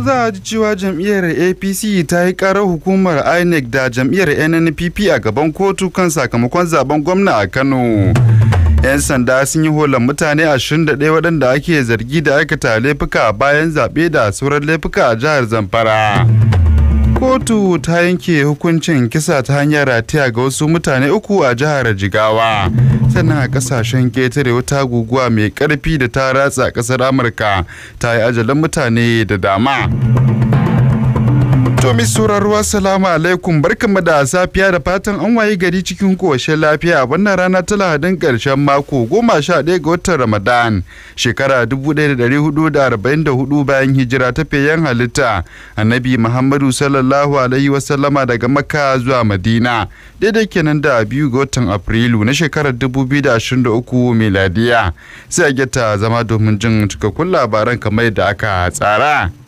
wato za a ji cewa jam'iyyar APC ta yi karar hukumar INEC da jam'iyyar NNPP a gaban kotu kan sakamakon zaben gwamna a Kano. 'Yan sanda sun yi holan mutane 21 waɗanda ake zargi da aikata laifuka bayan zaɓe da sauran laifuka a jihar Zamfara. kotu ta yanke hukuncin kisa ta hanyar rataya ga wasu mutane uku a jihar jigawa sannan a kasashen ƙetare wata guguwa mai ƙarfi da ta ratsa kasar amurka ta yi ajalin mutane da dama To mai sauraro salamu alaikum barkanmu da safiya da fatan an waye gari cikin koshin lafiya wannan rana ta lahadin karshen mako goma sha ɗaya ga watan Ramadan shekara dubu ɗaya da ɗari hudu da arba'in da hudu bayan hijira ta feyen halitta annabi Muhammadu sallallahu alaihi wasallama daga Makka zuwa Madina daidai kenan da biyu ga watan Afrilu na shekarar dubu biyu da ashirin da uku miladiya sai a gyata zama domin jin cikakkun labaran kamar yadda aka tsara.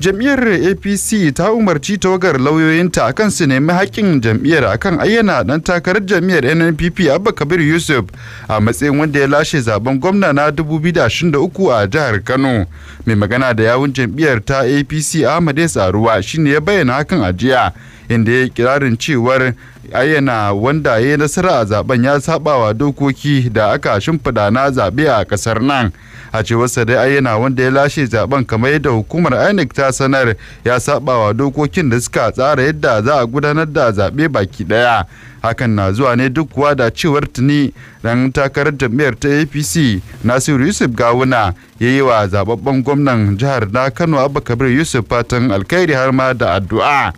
jam'iyyar apc ta umarci tawagar lauyoyinta akan su nemi haƙƙin jam'iyyar akan ayyana ɗan takarar jam'iyyar nnpp abba kabir yusuf a matsayin wanda ya lashe zaben gwamna na 2023 a jihar kano mai magana da yawun jam'iyyar ta apc ahmad tsaruwa shine ya bayyana hakan a jiya inda ya kirarin cewar ayyana wanda ya nasara a zaben ya sabawa dokoki da aka shimfiɗa na zaɓe a ƙasar nan a cewarsa dai ayyana wanda ya lashe zaben kamar yadda hukumar inec ta sanar ya sabawa dokokin da suka tsara yadda za a gudanar da zaɓe baki ɗaya hakan na zuwa ne duk kuwa da cewar tuni dan takarar jami'ar ta apc nasiru yusuf gawuna ya yi wa zababben gwamnan jihar na kano abba kabir yusuf fatan alkhairi har ma da addu'a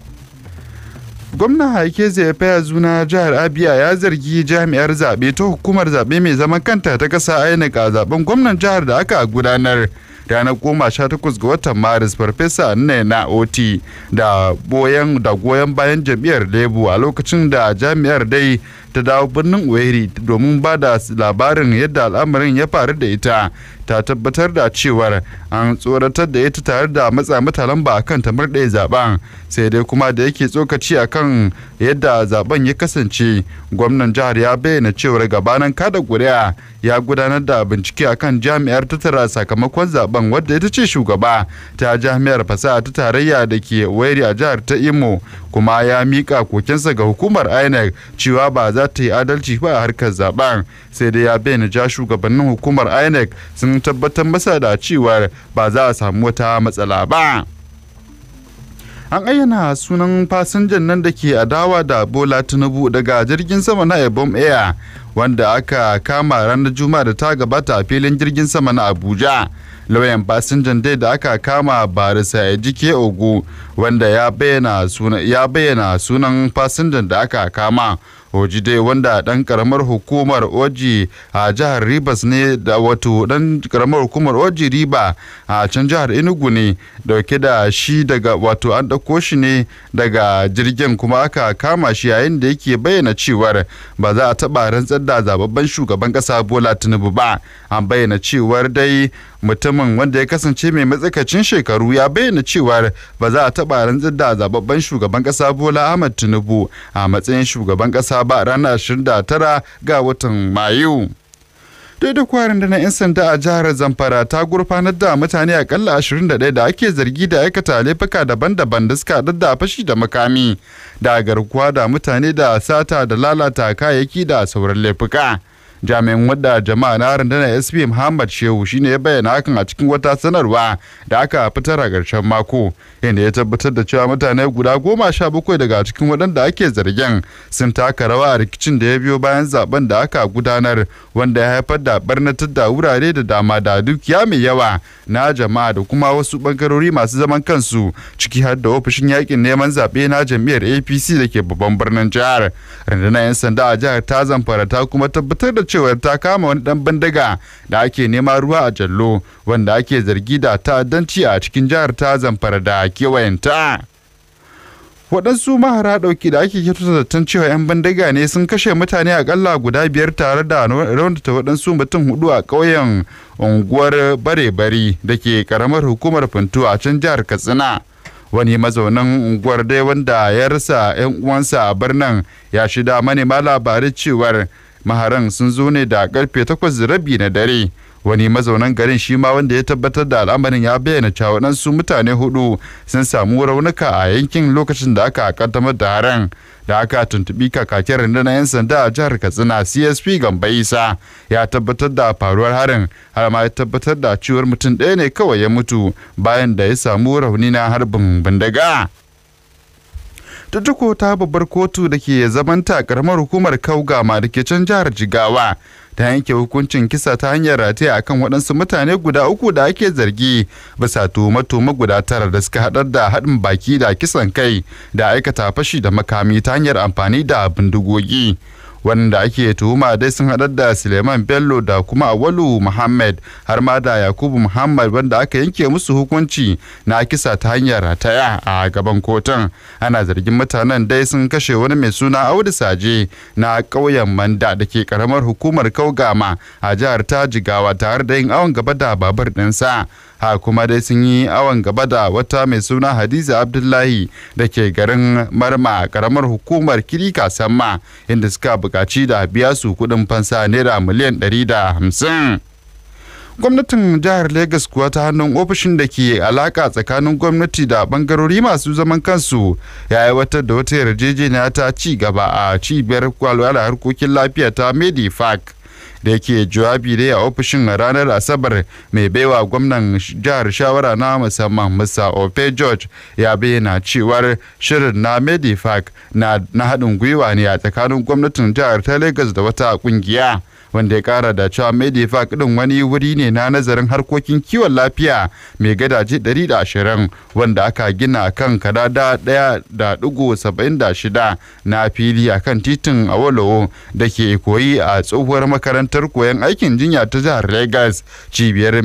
gwamnan haike zai zuna jihar abia ya zargi jami'ar zaɓe ta hukumar zaɓe mai zaman kanta ta ƙasa inec a zaɓen gwamnan jihar da aka gudanar ranar goma sha takwas ga watan maris farfesa na oti da da goyon bayan jam'iyyar lebu a lokacin da jami'ar dai ta dawo birnin Uweri domin ba da labarin yadda al'amarin ya faru da ita ta tabbatar da cewar an tsoratar da ita tare da matsa mata lamba akan tamar ɗaya zaben sai dai kuma da yake tsokaci akan yadda zaben ya kasance gwamnan jihar ya bayyana cewar gabanin kada ƙuri'a ya gudanar da bincike akan jami'ar tattara sakamakon zaben wadda ita ce shugaba ta jami'ar fasaha ta tarayya da ke uweri a jihar ta imo kuma ya mika kokensa ga hukumar inec cewa ba za za ta yi adalci ba a harkar zaben sai dai ya bayyana ja shugabannin hukumar inec sun tabbatar masa da cewar ba za a samu wata matsala ba an ayyana sunan fasinjan nan da ke adawa da bola tinubu daga jirgin sama na ebom air wanda aka kama ranar juma'a da ta gabata a filin jirgin sama na abuja lauyan fasinjan dai da aka kama barisa ya jike ogu wanda ya bayyana sunan fasinjan da aka kama Ojide wanda dan karamar hukumar Oji a jihar Rivers ne da wato dan karamar hukumar Oji Riba a can jihar Enugu ne dauke da shi daga wato an dauko shi ne daga jirgin kuma aka kama shi yayin da yake bayyana cewar ba za a taba rantsar da zababben shugaban kasa Bola Tinubu ba an bayyana cewar dai mutumin wanda ya kasance mai matsakacin shekaru ya bayyana cewa ba za a taba rantsar da zababben shugaban kasa bola ahmad tinubu a matsayin shugaban kasa ba ranar 29 ga watan mayu daidai kwarin da na 'yan sanda a jihar zamfara ta gurfanar da mutane akalla 21 da ake zargi da aikata laifuka daban-daban da suka da fashi da makami da garkuwa da mutane da sata da lalata kayayyaki da sauran laifuka. jami'in wadda jama'a na rundunar sp muhammad shehu shine ya bayyana hakan a cikin wata sanarwa da aka fitar a ƙarshen mako inda ya tabbatar da cewa mutane guda goma sha bakwai daga cikin waɗanda ake zargin sun taka rawa a rikicin da ya biyo bayan zaben da aka gudanar wanda ya haifar da barnatar da wurare da dama da dukiya mai yawa na jama'a da kuma wasu bangarori masu zaman kansu ciki har da ofishin yakin neman zaɓe na jam'iyyar apc da ke babban birnin jihar rundunar 'yan sanda a jihar ta zamfara ta kuma tabbatar da cewar ta kama wani dan bindiga da ake nema ruwa a jallo wanda ake zargi da ta'addanci a cikin jihar ta zamfara da kewayenta waɗansu mahara ɗauki da ake kyautata zaton cewa 'yan bindiga ne sun kashe mutane akalla guda biyar tare da raunata waɗansu mutum hudu a ƙauyen unguwar bare-bari da ke ƙaramar hukumar funtu a can jihar katsina wani mazaunin unguwar dai wanda ya rasa 'yan uwansa a birnin ya shida manema labarai cewar maharan sun zo ne da karfe takwas da rabi na dare wani mazaunan garin shi ma wanda ya tabbatar da al'amarin ya bayyana cewa waɗansu mutane hudu sun samu raunuka a yankin lokacin da aka kaddamar da haran da aka tuntubi kakakin rundunar 'yan sanda a jihar katsina csp gamba isa ya tabbatar da faruwar harin har ma ya tabbatar da cewar mutum ɗaya ne kawai ya mutu bayan da ya samu rauni na harbin bindiga. Tutuku ta babbar kotu da ke zamanta karamar hukumar Kaugama da ke can jihar Jigawa ta yanke hukuncin kisa ta hanyar rataya kan waɗansu mutane guda uku da ake zargi bisa tuhuma-tuhuma guda tara da suka haɗar da haɗin baki da kisan kai da aikata fashi da makami ta hanyar amfani da bindigogi. wanda ake tuhuma dai sun haɗar da suleiman bello da kuma awalu muhammad har ma da yakubu muhammad wanda aka yanke musu hukunci na kisa ta hanyar rataya a gaban kotun ana zargin mutanen dai sun kashe wani mai suna audu saje na ƙauyen manda da ke karamar hukumar kaugama a jihar ta jigawa tare da yin awon gaba da babur ɗinsa ha kuma dai sun yi awon gaba da wata mai suna hadiza abdullahi da ke garin marma karamar hukumar kirika sama inda suka buƙaci da biya su kuɗin fansa naira miliyan 150 gwamnatin jihar Legas kuwa ta hannun ofishin da ke alaka tsakanin gwamnati da bangarori masu zaman kansu ya aiwatar da wata yarjejeniya ta ci gaba a cibiyar kwalwala harkokin lafiya ta medifac da yake jawabi dai a ofishin ranar asabar mai baiwa gwamnan jihar shawara na musamman musa ofe george ya bayyana cewar shirin na medifac na haɗin gwiwa ne a tsakanin gwamnatin jihar ta lagos da wata ƙungiya. wanda ya kara da cewa medivac din wani wuri ne na nazarin harkokin kiwon lafiya mai gadaje 120 wanda aka gina kan kadada 1.76 na fili a kan titin awolowo da ke koyi a tsohuwar makarantar koyon aikin jinya ta jihar Legas cibiyar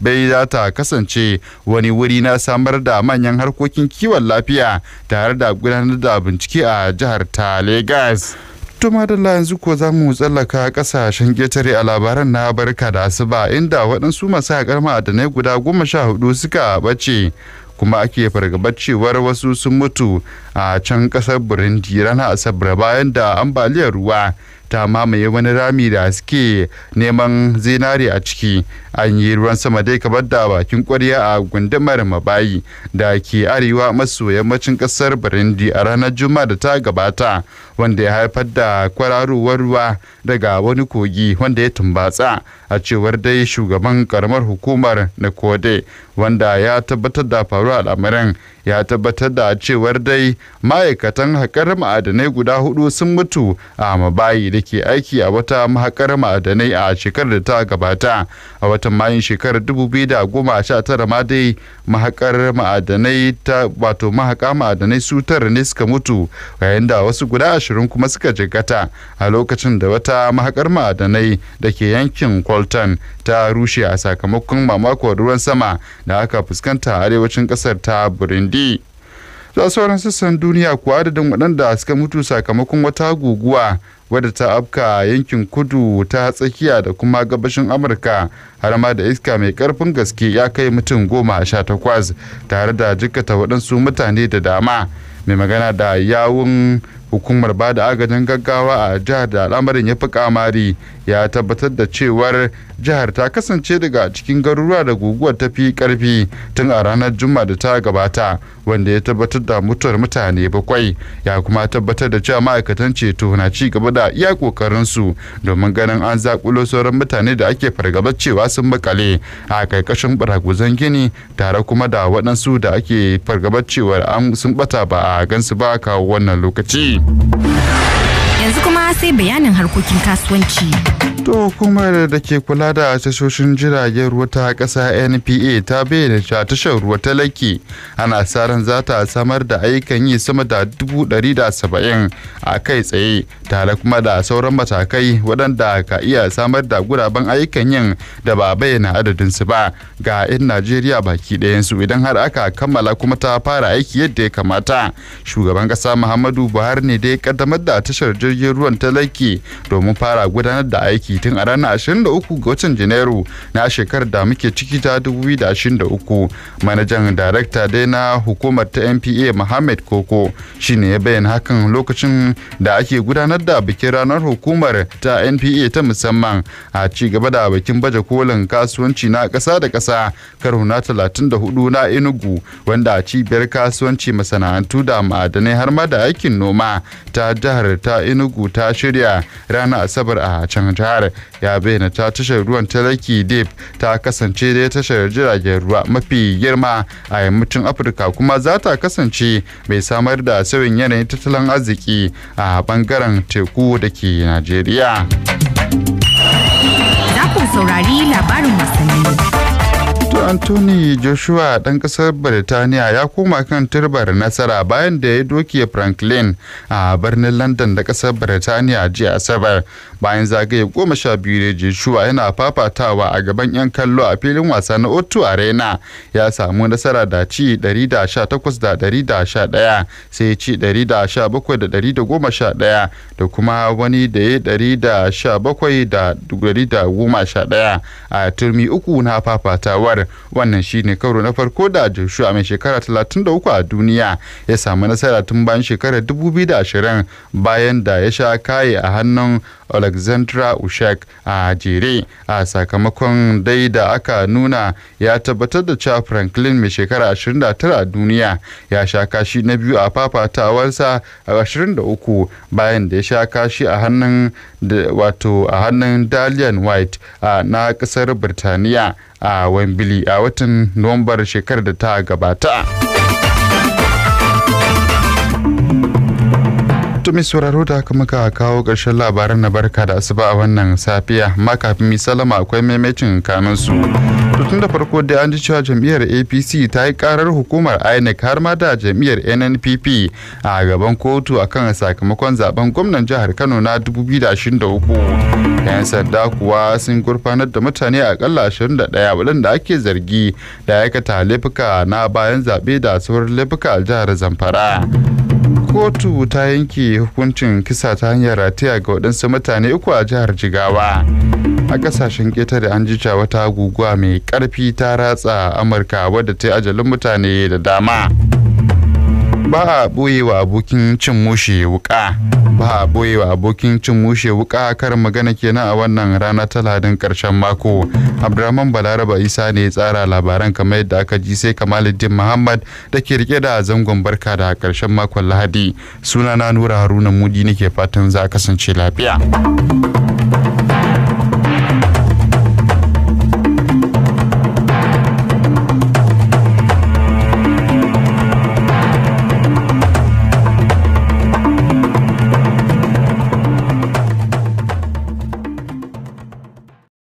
bai za ta kasance wani wuri na samar da manyan harkokin kiwon lafiya tare da gudanar da bincike a jihar ta Legas. To madalla yanzu ko za mu tsallaka kasashen ƙetare a labaran na barka da asuba inda waɗansu masu haƙar ma'adanai guda goma sha hudu suka ɓace kuma ake fargabar cewar wasu sun mutu a can ƙasar Burundi rana Asabar bayan da ambaliyar ruwa ta mamaye wani rami da haske neman zinari a ciki an yi ruwan sama dai kamar da bakin kwarya a gundumar mabayi da ke arewa maso yammacin kasar burundi a ranar juma'a da ta gabata wanda ya haifar da kwararowar ruwa daga wani kogi wanda ya tumbatsa a cewar dai shugaban karamar hukumar na kode wanda ya tabbatar da faruwa al'amarin ya tabbatar da cewar dai ma'aikatan haƙar ma'adanai guda hudu sun mutu a mabayi da ke aiki a wata mahaƙar ma'adanai a shekarar da ta gabata a watan mayun shekarar 2019 ma dai mahaƙar ma'adanai ta wato mahaƙa ma'adanai su ne suka mutu yayin da wasu guda ashirin kuma suka jikata a lokacin da wata mahaƙar ma'adanai da ke yankin colton ta rushe a sakamakon mamakon ruwan sama da aka fuskanta a arewacin ƙasar ta burundi lahadi za sauran sassan duniya kuwa adadin waɗanda suka mutu sakamakon wata guguwa wadda ta afka yankin kudu ta tsakiya da kuma gabashin amurka har ma da iska mai karfin gaske ya kai mutum goma sha takwas tare da jikata waɗansu mutane da dama mai magana da yawun hukumar ba da agajin gaggawa a jihar da al'amarin ya fi kamari ya tabbatar da cewar jihar ta kasance daga cikin garuruwa da guguwar ta fi karfi tun a ranar juma da ta gabata wanda ya tabbatar da mutuwar mutane bakwai ya kuma tabbatar da cewa ma'aikatan ceto na ci gaba da iya kokarin su domin ganin an zakulo sauran mutane da ake fargaba cewa sun makale a karkashin baraguzan gini tare kuma da waɗansu da ake fargaba cewa an sun bata ba a gansu ba kawo wannan lokaci yanzu kuma sai bayanin harkokin kasuwanci To hukumar da ke kula da tashoshin jiragen ruwa ta ƙasa NPA ta bayyana cewa tashar ruwa ta laki ana sa ran za ta samar da ayyukan yi sama da 170 a kai tsaye tare kuma da sauran matakai waɗanda ka iya samar da guraben ayyukan yin da ba bayyana su ba ga 'yan Najeriya baki ɗayansu idan har aka kammala kuma ta fara aiki yadda ya kamata. Shugaban ƙasa Muhammadu Buhari ne da ya kaddamar da tashar jirgin ruwan ta laki domin fara gudanar da aiki tun a ranar 23 ga watan janairu na shekarar da muke ciki ta 2023 manajan darakta dai na hukumar ta npa mohammed koko shine ya bayyana hakan lokacin da ake gudanar da bikin ranar hukumar ta npa ta musamman a ci gaba da bikin baje kolin kasuwanci na kasa da kasa karo na 34 na enugu wanda a cibiyar kasuwanci masana'antu da ma'adanai har ma da aikin noma ta jihar ta enugu ta shirya ranar asabar a can Tahar ya bayyana ta tashar ruwan ta Lake ta kasance da tashar jiragen ruwa mafi girma a yammacin Afirka kuma za ta kasance mai samar da sauyin yanayin tattalin arziki a bangaren teku da ke Najeriya. Za Anthony Joshua ɗan ƙasar Birtaniya ya koma kan turbar nasara bayan da ya doke Franklin a birnin London da kasar Birtaniya jiya Asabar bayan zagaye goma sha biyu da Joshua yana fafatawa a gaban 'yan kallo a filin wasa na Otto Arena ya samu nasara da ci 118 da 111 sai ci 117 da 111 da kuma wani da ya 117 da 111 a turmi uku na fafatawar wannan shine karo na farko da Joshua mai shekara 33 a duniya ya samu nasara tun bayan shekarar 2020 bayan da ya sha kaye a hannun Oleg alexandra ushak a jere a sakamakon dai da aka nuna ya tabbatar da cewa franklin mai shekara 29 a duniya ya sha kashi na biyu a fafatawarsa a 23 bayan da ya sha kashi a hannun wato a hannun dalian white na kasar birtaniya a wembley a watan nuwambar shekarar da ta gabata. to mai sauraro da haka muka kawo ƙarshen labaran na barka da asuba a wannan safiya amma kafin mi salama akwai maimacin kanun su tun da farko da an ji cewa jam'iyyar apc ta yi karar hukumar inec har ma da jam'iyyar nnpp a gaban kotu a kan sakamakon zaben gwamnan jihar kano na 2023 yan sanda kuwa sun gurfanar da mutane akalla 21 waɗanda ake zargi da aikata laifuka na bayan zaɓe da sauran laifuka a jihar zamfara kotu ta yanke hukuncin kisa ta hanyar rataya ga waɗansu mutane uku a jihar jigawa a ƙasashen da an ji wata guguwa mai ƙarfi ta ratsa amurka wadda ta yi ajalin mutane da dama ba a wa abokin cin mushe wuka ba a boyewa abokin cin mushe wuka kar magana kenan a wannan rana ta ladin karshen mako abdurrahman balaraba isa ne ya tsara labaran kamar yadda aka ji sai kamaluddin muhammad da ke rike da zangon barka da ƙarshen makon lahadi suna na nura haruna mudi nake fatan za a kasance lafiya